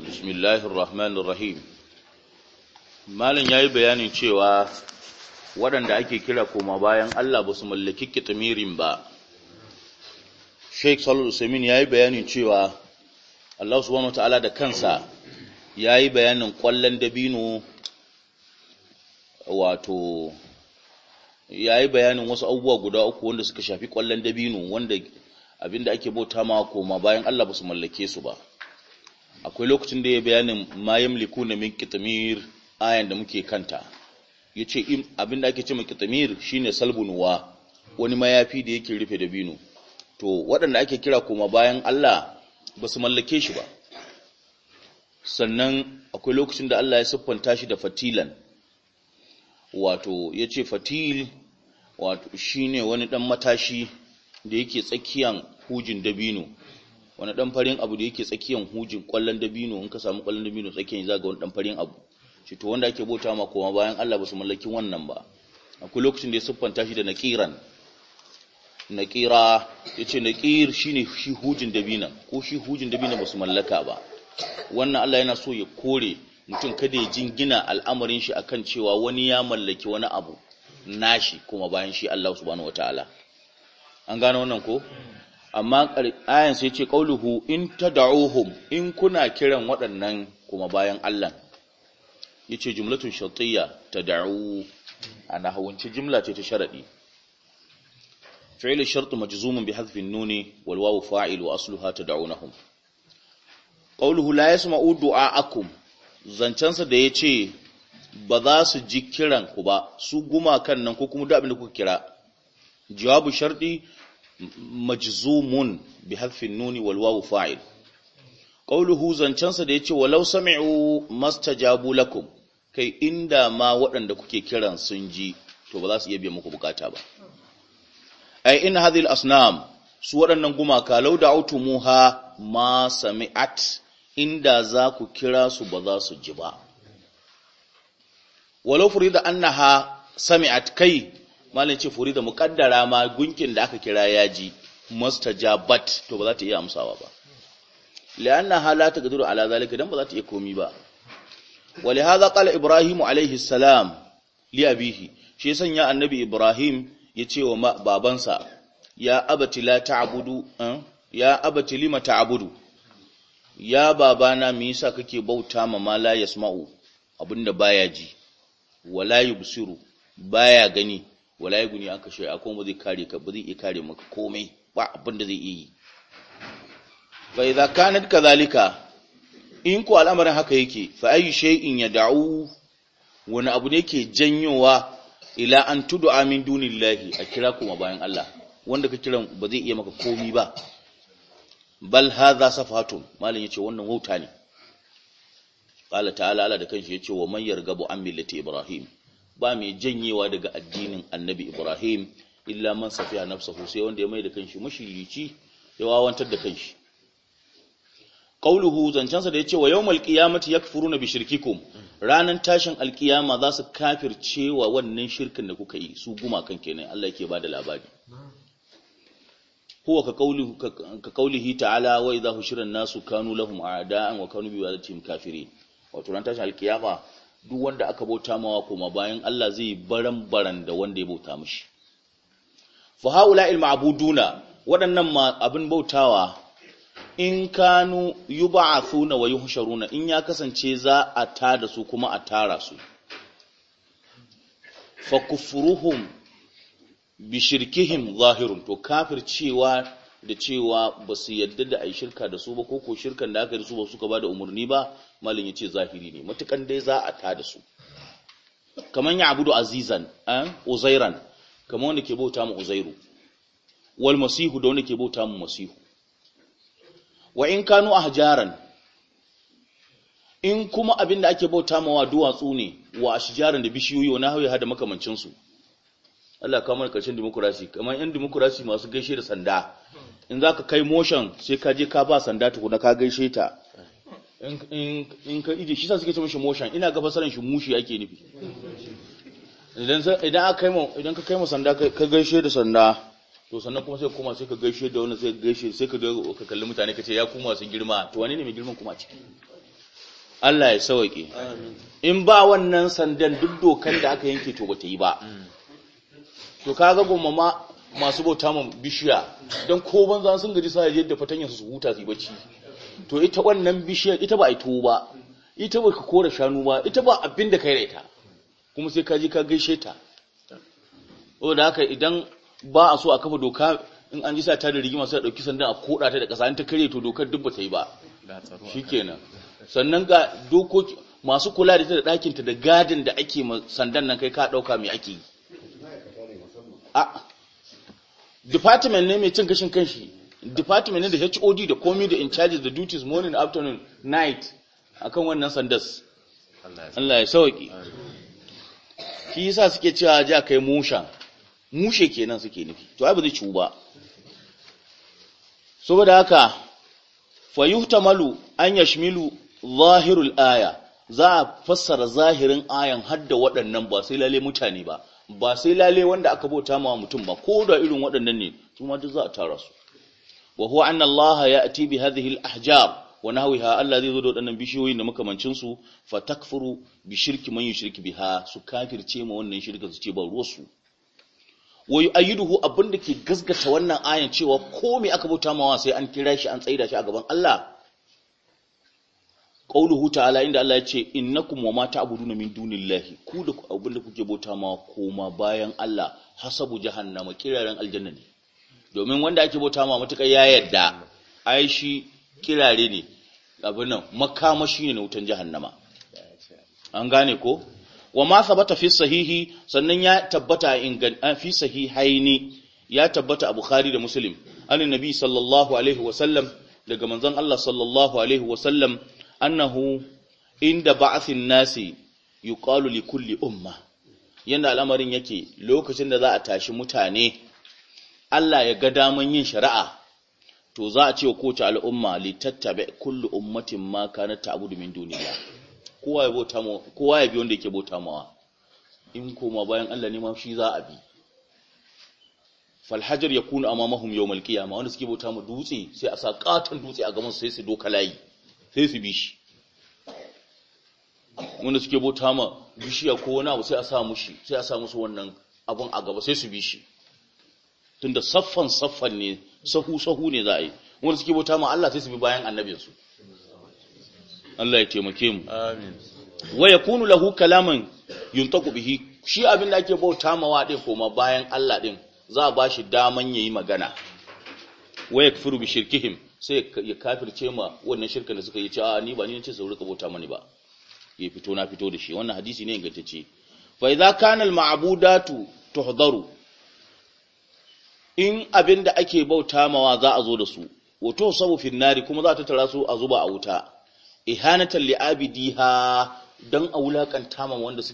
bismillahir rahmanir rahim malam yayi bayanin cewa waɗanda ake kira koma bayan Allah ba su mallaki kitmirin ba Sheikh Salu Usaimin yayi bayanin cewa Allah subhanahu wataala da kansa yayi bayanin ƙwallon dabino wato yayi bayanin wasu abubuwa guda uku wanda suka shafi ƙwallon dabino wanda abinda ake bauta ma koma bayan Allah ba su mallake su ba akwai lokacin da ya bayanin mayan liku na min kitamir ayan da muke kanta Ya ce abinda ake ce ma shi ne salbunuwa wani mayafi da yake rufe da binu to waɗanda ake kira kuma bayan Allah ba su mallake shi ba sannan akwai lokacin da Allah ya siffanta shi da fatilan wato ya ce fatil wato shi ne wani ɗan matashi da yake tsakiyan hujin dabino wani dan farin abu da yake tsakiyan hujin kwallon dabino in ka samu kwallon dabino tsakiyan zaga wani dan farin abu shi to wanda ake bota ma koma bayan Allah ba su mallaki wannan ba akwai lokacin da ya siffanta shi da naqiran naqira yace naqir shine shi hujin dabina ko shi hujin dabina ba su mallaka ba wannan Allah yana so ya kore mutum kada ya jingina al'amarin shi akan cewa wani ya mallaki wani abu nashi kuma bayan shi Allah subhanahu wataala an gano wannan ko amma ayan sai ce qauluhu in tad'uhum in kuna kiran waɗannan kuma bayan Allah yace jumlatun shartiyya tad'u ana hawunci jumla ce ta sharadi fi'l shart majzumun bi hadfi an-nun wal wawu fa'il wa asluha tad'unahum qauluhu la yasma'u Akum? Zancensa da yace ba za su ji kiran ku ba su gumakan nan ko kuma duk da kuka kira jawabu shardi. majzumun bi harfin nuni wal wawu fa'il qawluhu zancansa da yace walau sami'u mastajabu lakum kai inda ma waɗanda kuke kiran sun ji to ba za su iya biya muku bukata ba ai in hadhihi asnam su waɗannan gumaka law da'utumuha ma sami'at inda za ku kira su ba za su ji ba walau furida annaha sami'at kai malam ce furi da mukaddara ma gunkin da aka kira yaji mustajabat to ba za ta iya amsawa ba li'anna halata gaduru ala zalika dan ba za ta iya komi ba qala Ibrahimu ابراهيم salam li abihi shi ya sanya annabi ibrahim ya ce wa babansa ya abati la ta'budu eh? ya abati lima ta'budu ya babana me yasa kake bauta ma mala yasma'u abinda baya ji wala yubsiru baya gani wala ya guni an kashe akwai ba zai kare ka ba zai iya kare maka komai ba abin da zai iya yi fa idza kanat kadhalika in ku al'amarin haka yake fa in shay'in yad'u wani abu ne yake janyowa ila an tudu amin dunillahi a kira kuma bayan Allah wanda ka kiran ba zai iya maka komai ba bal hadha safatun malin yace wannan wauta ne qala ta'ala Allah da kanshi yace wa man yargabu an millati ibrahim ba mai janyewa daga addinin annabi ibrahim illa man safiya nafsahu sai wanda ya mai da kanshi mushirici ya wawantar da kanshi qauluhu zancansa da yace wa yawmal qiyamati yakfuruna bi shirkikum ranan tashin alkiyama za su kafircewa wannan shirkin da kuka yi su gumakan kenan Allah yake bada labari huwa ka qauluhu ka qaulihi ta'ala wa idha hushira an-nasu kanu lahum a'da'an wa kanu bi wadatihim kafirin wato ran tashin alqiyama duk wanda aka bauta mawa kuma bayan Allah zai baran baran da wanda ya bauta mishi fa haula'il ma'buduna waɗannan abin bautawa in kanu yub'athuna wa yuhsharuna in ya kasance za a tada su kuma a tara su fa kufruhum bi shirkihim zahirun to kafircewa da cewa ba su yadda da yi shirka da su ba ko ko shirkan da aka yi su ba suka ba da umarni ba malin ya ce zahiri ne matukan dai za a ta da su kamar ya abudu azizan an eh, uzairan kamar wanda ke bauta mu uzairu wal masihu da wanda ke bauta mu masihu wa in kanu ahjaran in kuma abin da ake bauta mawa duwatsu ne wa ashjaran da bishiyoyi wa nahwi hada makamancin su Allah kamar karshen demokrasi kamar yan demokrasi masu gaishe da sanda in za ka kai motion sai ka je ka ba sanda tukuna ka gaishe ta in ka ije shi sa suke ce mashi motion ina ga fasaran shi mushi ake nufi idan kai idan ka kai ma sanda ka gaishe da sanda to sannan kuma sai kuma sai ka gaishe da wani sai gaishe sai ka dawo ka kalli mutane ka ce ya kuma sun girma to wani ne mai girman kuma ciki Allah ya sauke in ba wannan sandan duk dokan da aka yanke to bata yi ba mm. to ka gomma ma masu bauta mun bishiya don ko banza sun gaji sa yadda fatanya su huta su bacci to ita wannan bishiyar ita ba a to ba ita ba ka kora shanu ba ita ba abin da kai raita kuma sai ka ji ka gaishe ta saboda haka idan ba a so a kafa doka in an ji sa ta da rigima sai a dauki sandan a koda ta da kasa in ta kare to dokar duk ba yi ba shikenan sannan ga dokoki masu kula da ta da ɗakinta da gadin da ake sandan nan kai ka ɗauka mai ake yi a department ne mai cin gashin kanshi department ne da HOD da komi da in charge da duties morning afternoon night akan wannan sandas Allah ya sauki shi yasa suke cewa ja kai musha mushe kenan suke nufi to ai ba zai ciwu ba saboda haka fa yuhtamalu an yashmilu zahirul aya za a fassara zahirin ayan hadda waɗannan ba sai lalle mutane ba ba sai lalle wanda aka bauta ma mutum ba ko da irin waɗannan ne su ma duk za a tara su wa huwa anna allaha ya'ti bi hadhihi al-ahjab wa nahwiha Allah zai zo da waɗannan bishiyoyin da makamancin su fa takfuru bi shirki man yushriku biha su kafirce ma wannan shirka su ce ba su wa yu'ayyiduhu abinda ke gasgata wannan ayan cewa komai aka bauta ma sai an kira shi an tsaida shi a gaban Allah qauluhu ta'ala inda Allah ya ce innakum wama ta'buduna min dunillahi ku da abin da kuke bauta ma koma bayan Allah hasabu jahannama kiraren aljanna ne domin wanda ake bauta ma mutuka ya yadda ai shi kirare ne abin nan makamashi ne na wutan jahannama an gane ko wa ma sabata fi sahihi sannan ya tabbata ingan fi sahihaini ya tabbata a bukhari da muslim annabi sallallahu alaihi wa sallam daga manzon Allah sallallahu alaihi wa sallam annahu inda ba'asin nasi yuqalu li kulli umma yanda al'amarin yake lokacin da za a tashi mutane Allah ya ga daman yin shari'a to za a ce wa kowace al'umma tattabe kullu ummatin ma kana ta'budu min duniya kowa ya bauta mu kowa ya bi wanda yake bauta mawa in koma bayan Allah ne ma shi za a bi fal hajar yakunu amamahum yawm al-qiyamah wanda suke bauta mu dutse sai a sa katon dutse a gaban su sai su doka layi sai su bi shi wanda suke bauta ma bishiya ko wani abu sai a sa mushi sai a sa musu wannan abun a gaba sai su bi shi tunda saffan saffan ne sahu sahu ne za a yi wanda suke bauta ma Allah sai su bi bayan annabinsu Allah ya taimake mu amin kunu yakunu lahu kalaman yuntaqu bihi shi abin da ake bauta mawa din koma bayan Allah din za a bashi daman yayi magana wa yakfuru bi shirkihim sai ya kafirce ma wannan shirka da suka yi ce a ni ba ni ce su rika bauta mani ba ya fito na fito da shi wannan hadisi ne ingantacce fa idza kana al ma'budatu tuhdaru in da ake bauta mawa za a zo da su wato sabu finari kuma za ta tara su a zuba a wuta ihanatan li abidiha dan a wulaƙanta wanda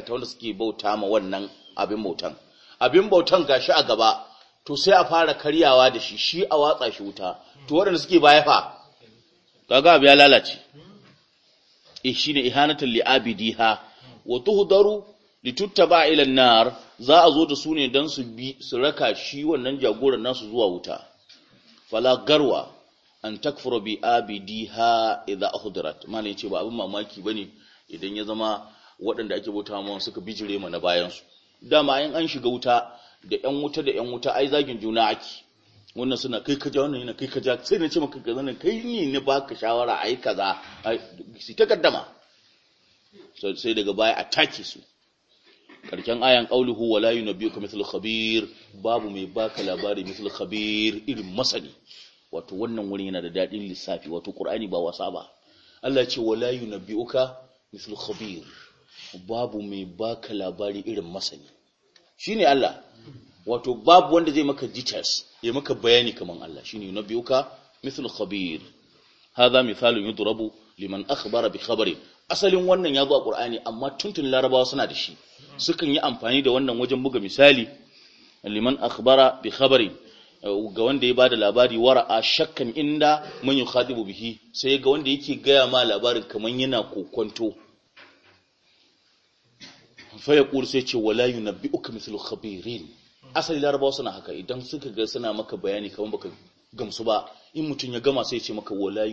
wanda suke bauta ma wannan abin bautan abin bautan gashi a gaba to sai a fara karyawa da shi shi a watsa shi wuta to waɗanda suke baya fa kaga abu ya lalace eh shine ihanatul liabidiha wa tuhdaru lituttaba ila nar za a zo da su ne dan su bi su raka shi wannan jagoran nasu zuwa wuta fala garwa an takfuru bi abidiha idza ahdarat malai ce ba abin mamaki bane idan ya zama waɗanda ake bauta ma suka bijire ma na bayan su dama in an shiga wuta da ƴan wuta da ƴan wuta ai zagin juna ake wannan suna kai kaja wannan yana kai kaja sai na ce maka ka nan kai ne ne baka shawara ai kaza su ta kaddama sai daga baya a take su karken ayan qauluhu wala yunabbiuka mithlu khabir babu mai baka labari mithlu khabir irin masani wato wannan wurin yana da dadin lissafi wato qur'ani ba wasa ba Allah ce wala yunabbiuka mithlu khabir babu mai baka labari irin masani Shi ne Allah wato babu wanda zai maka details ya maka bayani kaman Allah Shi ne shine yunabbiuka mithlu khabir haza mithalun yudrabu liman akhbara bi khabari asalin wannan ya zo a Qur'ani amma tuntun larabawa suna da shi sukan yi amfani da wannan wajen buga misali liman akhbara bi khabari ga wanda ya ba da labari wara'a shakkan inda man yukhadibu bihi sai ga wanda yake gaya ma labarin kaman yana kokonto fa yaqul sai ce wala ka mithlu khabirin asali larabawa suna haka idan suka ga suna maka bayani kamar baka gamsu ba in mutum ya gama sai ce maka wala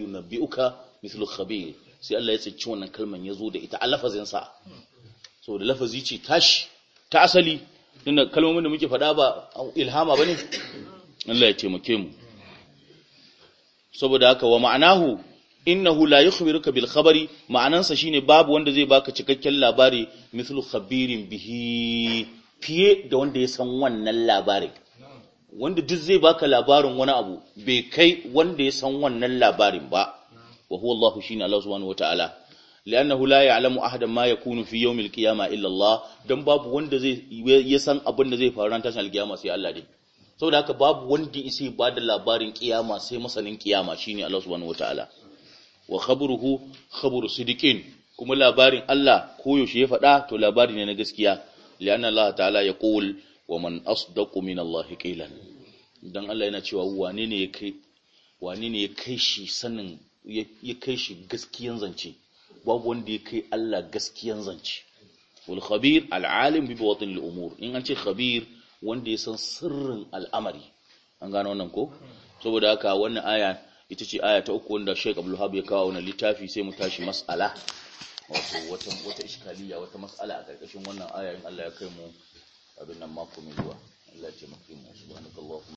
ka mithlu khabir sai Allah ya tsinci wannan kalman ya zo da ita a lafazinsa sa saboda lafazi ce tashi ta asali tunda kalmomin da muke faɗa ba ilhama ba ne. Allah ya taimake mu saboda haka wa ma'anahu innahu la yukhbiruka bil khabari ma'anansa shine babu wanda zai baka cikakken labari mithlu khabirin bihi fiye da wanda ya san wannan labarin wanda duk zai baka labarin wani abu bai kai wanda ya san wannan labarin ba wa huwa Allah shine Allah subhanahu wataala li'annahu la ya'lamu ahadan ma yakunu fi yawm al-qiyama illa Allah dan babu wanda zai ya san abin da zai faru ran tashin al-qiyama sai Allah dai saboda haka babu wanda isa ba da labarin ƙiyama sai masanin ƙiyama shine Allah subhanahu wataala wa khabaruhu khabaru sidiqin kuma labarin Allah koyaushe ya faɗa to labari ne na gaskiya li'anna Allah ta'ala ya qul wa man asdaqu min Allah qilan dan Allah yana cewa wane ne ya kai wane ne ya kai shi sanin ya kai shi gaskiyan zance babu wanda ya kai Allah gaskiyan zance wal khabir al alim bi bawatin al umur in an ce khabir wanda ya san sirrin al'amari an gana wannan ko saboda haka wannan aya ita ce aya ta uku wanda Sheikh Abdul Wahab ya kawo wannan littafi sai mu tashi mas'ala wata wata iskaliya wata mas'ala a karkashin wannan aya in Allah ya kai mu abin nan mako mai zuwa Allah ya ce mu